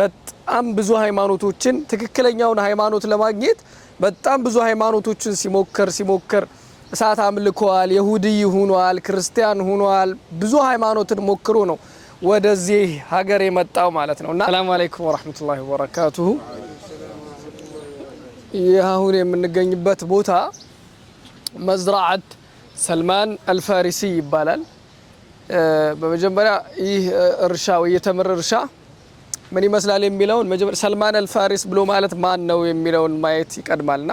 በጣም ብዙ ሃይማኖቶችን ትክክለኛውን ሃይማኖት ለማግኘት በጣም ብዙ ሃይማኖቶችን ሲሞክር ሲሞክር እሳት አምልከዋል፣ የሁድይ ሁኗል፣ ክርስቲያን ሁኗል። ብዙ ሃይማኖትን ሞክሮ ነው ወደዚህ ሀገር የመጣው ማለት ነው። እና ሰላሙ አለይኩም ወራህመቱላሂ ወበረካቱሁ። ይህ አሁን የምንገኝበት ቦታ መዝራዓት ሰልማን አልፋሪሲ ይባላል። በመጀመሪያ ይህ እርሻ ወይ የተምር እርሻ ምን ይመስላል የሚለውን መጀመር ሰልማን አልፋሪስ ብሎ ማለት ማን ነው የሚለውን ማየት ይቀድማልና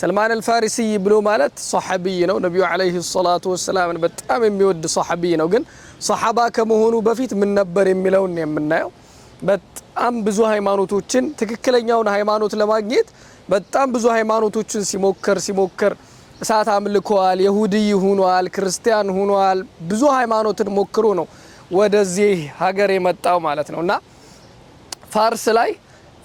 ሰልማን አልፋሪሲ ብሎ ማለት ሶሐቢይ ነው። ነቢዩ ዓለይሂ ሰላቱ ወሰላምን በጣም የሚወድ ሶሐቢይ ነው። ግን ሶሐባ ከመሆኑ በፊት ምን ነበር የሚለውን የምናየው። በጣም ብዙ ሃይማኖቶችን ትክክለኛውን ሃይማኖት ለማግኘት በጣም ብዙ ሃይማኖቶችን ሲሞክር ሲሞክር እሳት አምልኮዋል፣ የሁድይ ሁኗል፣ ክርስቲያን ሁኗል። ብዙ ሃይማኖትን ሞክሮ ነው ወደዚህ ሀገር የመጣው ማለት ነውና ፋርስ ላይ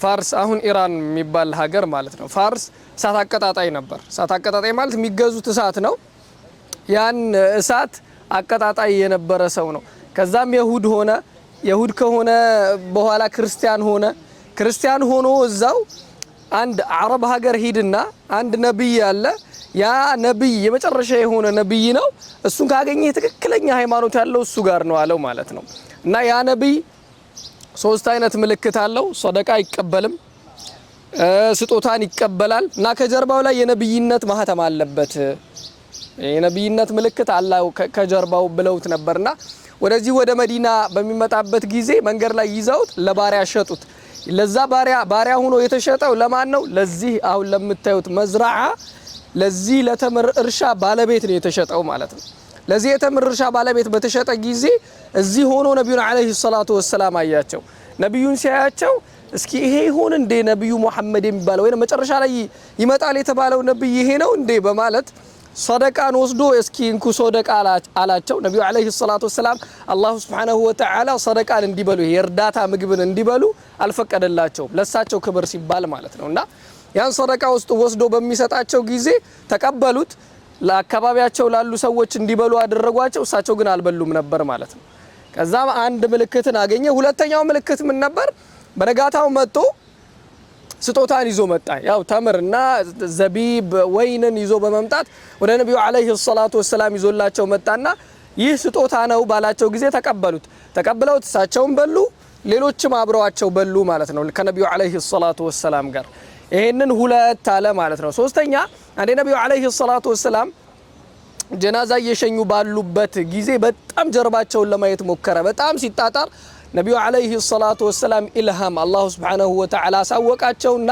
ፋርስ አሁን ኢራን የሚባል ሀገር ማለት ነው። ፋርስ እሳት አቀጣጣይ ነበር። እሳት አቀጣጣይ ማለት የሚገዙት እሳት ነው። ያን እሳት አቀጣጣይ የነበረ ሰው ነው። ከዛም የሁድ ሆነ። የሁድ ከሆነ በኋላ ክርስቲያን ሆነ። ክርስቲያን ሆኖ እዛው አንድ አረብ ሀገር ሂድና አንድ ነብይ አለ። ያ ነብይ የመጨረሻ የሆነ ነብይ ነው። እሱን ካገኘ ትክክለኛ ሃይማኖት ያለው እሱ ጋር ነው አለው ማለት ነው እና ያ ነቢይ ሶስት አይነት ምልክት አለው። ሰደቃ አይቀበልም፣ ስጦታን ይቀበላል እና ከጀርባው ላይ የነብይነት ማህተም አለበት። የነብይነት ምልክት አላው ከጀርባው ብለውት ነበርና ወደዚህ ወደ መዲና በሚመጣበት ጊዜ መንገድ ላይ ይዘውት ለባሪያ ሸጡት። ለዛ ባሪያ ባሪያ ሆኖ የተሸጠው ለማን ነው? ለዚህ አሁን ለምታዩት መዝራዓ፣ ለዚህ ለተምር እርሻ ባለቤት ነው የተሸጠው ማለት ነው። ለዚህ የተምር እርሻ ባለቤት በተሸጠ ጊዜ እዚህ ሆኖ ነቢዩን ዓለይሂ ሰላቱ ወሰላም አያቸው። ነቢዩን ሲያያቸው እስኪ ይሄ ይሆን እንዴ ነቢዩ ሙሐመድ የሚባለው ወይ መጨረሻ ላይ ይመጣል የተባለው ነቢይ ይሄ ነው እንዴ በማለት ሰደቃን ወስዶ እስኪ እንኩ ሰደቃ አላቸው። ነቢዩ ዓለይሂ ሰላቱ ወሰላም አላሁ ሱብሓነሁ ወተዓላ ሰደቃን እንዲበሉ የእርዳታ ምግብን እንዲበሉ አልፈቀደላቸውም፣ ለሳቸው ክብር ሲባል ማለት ነው። እና ያን ሰደቃ ውስጥ ወስዶ በሚሰጣቸው ጊዜ ተቀበሉት። ለአካባቢያቸው ላሉ ሰዎች እንዲበሉ አደረጓቸው። እሳቸው ግን አልበሉም ነበር ማለት ነው። ከዛም አንድ ምልክትን አገኘ። ሁለተኛው ምልክት ምን ነበር? በነጋታው መጥቶ ስጦታን ይዞ መጣ። ያው እና ዘቢብ ወይንን ይዞ በመምጣት ወደ ነቢዩ አለይሂ ሰላቱ ወሰላም ይዞላቸው መጣና ይህ ስጦታ ነው ባላቸው ጊዜ ተቀበሉት። ተቀብለውት እሳቸውን በሉ፣ ሌሎችም አብረዋቸው በሉ ማለት ነው ከነቢዩ አለይሂ ሰላቱ ወሰላም ጋር። ይህንን ሁለት አለ ማለት ነው። ሶስተኛ አንዴ ነቢዩ አለይሂ ሰላቱ ወሰላም ጀናዛ እየሸኙ ባሉበት ጊዜ በጣም ጀርባቸውን ለማየት ሞከረ። በጣም ሲጣጣር ነቢዩ አለይሂ ሰላቱ ወሰላም ኢልሃም አላሁ ስብሓነሁ ወተዓላ አሳወቃቸውና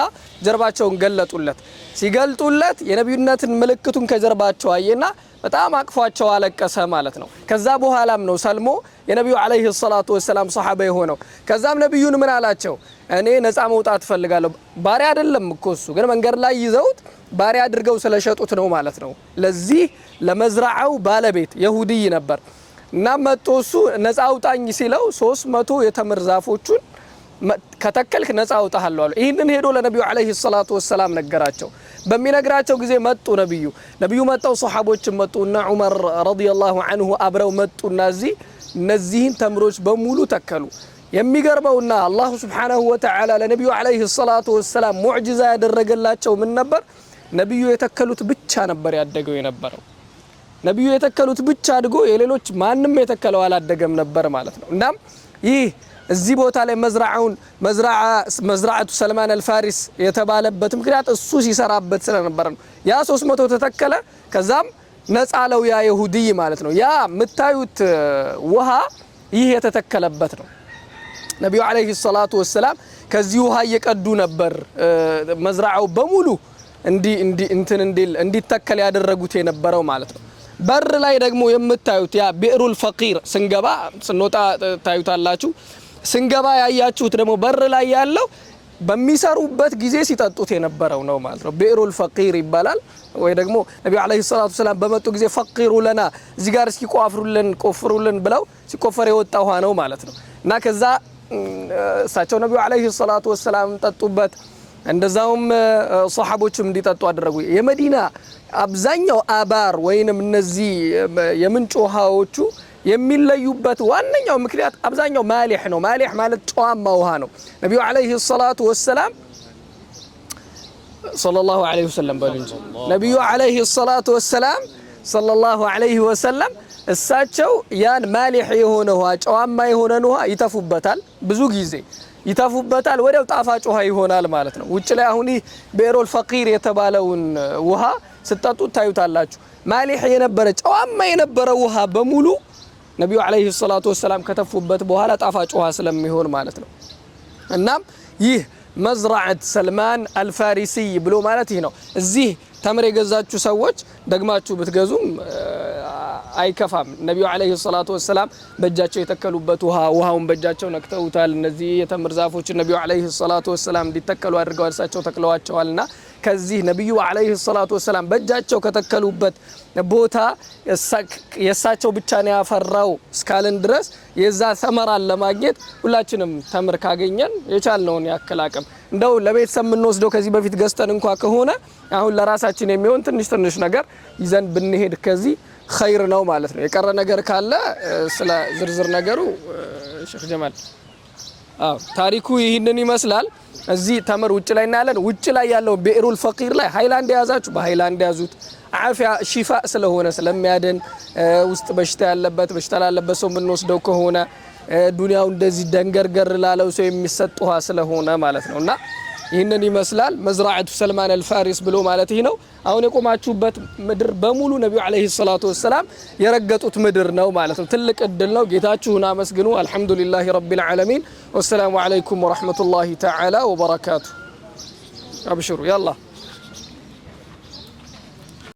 ጀርባቸውን ገለጡለት። ሲገልጡለት የነቢዩነትን ምልክቱን ከጀርባቸው አየና በጣም አቅፏቸው አለቀሰ ማለት ነው። ከዛ በኋላም ነው ሰልሞ የነቢዩ አለይሂ ሰላቱ ወሰላም ሰሓባ የሆነው። ከዛም ነቢዩን ምን አላቸው? እኔ ነፃ መውጣት እፈልጋለሁ። ባሪያ አይደለም እኮ እሱ፣ ግን መንገድ ላይ ይዘውት ባሪያ አድርገው ስለሸጡት ነው ማለት ነው። ለዚህ ለመዝራዓው ባለቤት የሁድይ ነበር እና መጦ እሱ ነፃ አውጣኝ ሲለው ሶስት መቶ የተምር ዛፎቹን ከተከልክ ነፃ አውጣሃለሁ አሉ። ይህንን ሄዶ ለነቢዩ አለይሂ ሰላቱ ወሰላም ነገራቸው። በሚነግራቸው ጊዜ መጡ ነብዩ ነብዩ መጣው ሰሓቦችን መጡ እና ዑመር ረዲየላሁ አንሁ አብረው መጡና እዚህ እነዚህን ተምሮች በሙሉ ተከሉ። የሚገርመውና አላሁ ስብሓነሁ ወተዓላ ለነቢዩ ዓለይሂ ሰላቱ ወሰላም ሙዕጅዛ ያደረገላቸው ምን ነበር? ነቢዩ የተከሉት ብቻ ነበር ያደገው የነበረው። ነቢዩ የተከሉት ብቻ አድጎ የሌሎች ማንም የተከለው አላደገም ነበር ማለት ነው። እናም ይህ እዚህ ቦታ ላይ መዝራዓውን መዝራዓቱ ሰልማን አልፋሪስ የተባለበት ምክንያት እሱ ሲሰራበት ስለነበረ ነው። ያ 300 ተተከለ። ከዛም ነጻ ለው ያ ይሁዲይ ማለት ነው። ያ የምታዩት ውሃ ይህ የተተከለበት ነው። ነቢዩ አለይሂ ሰላቱ ወሰላም ከዚህ ውሃ እየቀዱ ነበር መዝራዓው በሙሉ እንዲ እንዲ እንትን እንዲተከል ያደረጉት የነበረው ማለት ነው። በር ላይ ደግሞ የምታዩት ያ ብዕሩል ፈቂር ስንገባ ስንወጣ ታዩታላችሁ። ስንገባ ያያችሁት ደግሞ በር ላይ ያለው በሚሰሩበት ጊዜ ሲጠጡት የነበረው ነው ማለት ነው። ብዕሩል ፈቂር ይባላል። ወይ ደግሞ ነቢ ዓለይሂ ሰላቱ ሰላም በመጡ ጊዜ ፈቂሩ ለና እዚህ ጋር እስኪ ቆፍሩልን ቆፍሩልን ብለው ሲቆፈር የወጣ ውሃ ነው ማለት ነው እና ከዛ እሳቸው ነቢዩ ዓለይሂ ሰላቱ ወሰላም ጠጡበት። እንደዛውም ሰሓቦችም እንዲጠጡ አደረጉ። የመዲና አብዛኛው አባር ወይንም እነዚህ የምንጭ ውሃዎቹ የሚለዩበት ዋነኛው ምክንያት አብዛኛው ማሊህ ነው። ማሊህ ማለት ጨዋማ ውሃ ነው። ነቢዩ ዓለይሂ ሰላቱ ወሰላም ሰለላሁ ዓለይሂ ወሰለም በሉ እንጂ ነቢዩ ዓለይሂ ሰላቱ ወሰላም ሰለላሁ ዓለይሂ ወሰለም እሳቸው ያን ማሊህ የሆነ ውሃ ጨዋማ የሆነን ውሃ ይተፉበታል። ብዙ ጊዜ ይተፉበታል፣ ወዲያው ጣፋጭ ውሃ ይሆናል ማለት ነው። ውጭ ላይ አሁን ይህ ፈቂር የተባለውን ውሃ ስጠጡት ታዩታላችሁ። ማሊህ የነበረ ጨዋማ የነበረ ውሃ በሙሉ ነቢዩ አለይሂ ሰላቱ ወሰላም ከተፉበት በኋላ ጣፋጭ ውሃ ስለሚሆን ማለት ነው። እናም ይህ መዝራዕት ሰልማን አልፋሪሲ ብሎ ማለት ይህ ነው። እዚህ ተምር የገዛችሁ ሰዎች ደግማችሁ ብትገዙም አይከፋም። ነቢዩ አለይሂ ሰላቱ ወሰላም በእጃቸው የተከሉበት ውሃ ውሃውን በእጃቸው ነክተውታል። እነዚህ የተምር ዛፎች ነቢዩ አለይሂ ሰላቱ ወሰላም እንዲተከሉ አድርገው እርሳቸው ተክለዋቸዋልና ከዚህ ነቢዩ አለይሂ ሰላቱ ወሰላም በእጃቸው ከተከሉበት ቦታ የእሳቸው ብቻ ነው ያፈራው እስካልን ድረስ የዛ ሰመራን ለማግኘት ሁላችንም ተምር ካገኘን የቻልነውን ያክል አቅም እንደው ለቤተሰብ የምንወስደው ከዚህ በፊት ገዝተን እንኳ ከሆነ አሁን ለራሳችን የሚሆን ትንሽ ትንሽ ነገር ይዘን ብንሄድ ከዚህ ኸይር ነው ማለት ነው። የቀረ ነገር ካለ ስለ ዝርዝር ነገሩ ሼክ ጀማል ታሪኩ ይህንን ይመስላል። እዚህ ተምር ውጭ ላይ እናያለን። ውጭ ላይ ያለውን ብዕሩል ፈቂር ላይ ሀይላንድ የያዛችሁ በሃይላንድ ያዙት። አፊያ ሺፋ ስለሆነ ስለሚያድን ውስጥ በሽታ ያለበት በሽታ ላለበት ሰው የምንወስደው ከሆነ ዱንያው እንደዚህ ደንገርገር ላለው ሰው የሚሰጥ ውሃ ስለሆነ ማለት ነው። እና ይህንን ይመስላል መዝራዕቱ ሰልማን አልፋሪስ ብሎ ማለት ይህ ነው። አሁን የቆማችሁበት ምድር በሙሉ ነቢዩ አለይሂ ሰላቱ ወሰላም የረገጡት ምድር ነው ማለት ነው። ትልቅ እድል ነው። ጌታችሁን አመስግኑ። አልሐምዱሊላሂ ረቢል ዓለሚን። ወሰላሙ አለይኩም ወራህመቱላሂ ተዓላ ወበረካቱ። አብሽሩ ያላ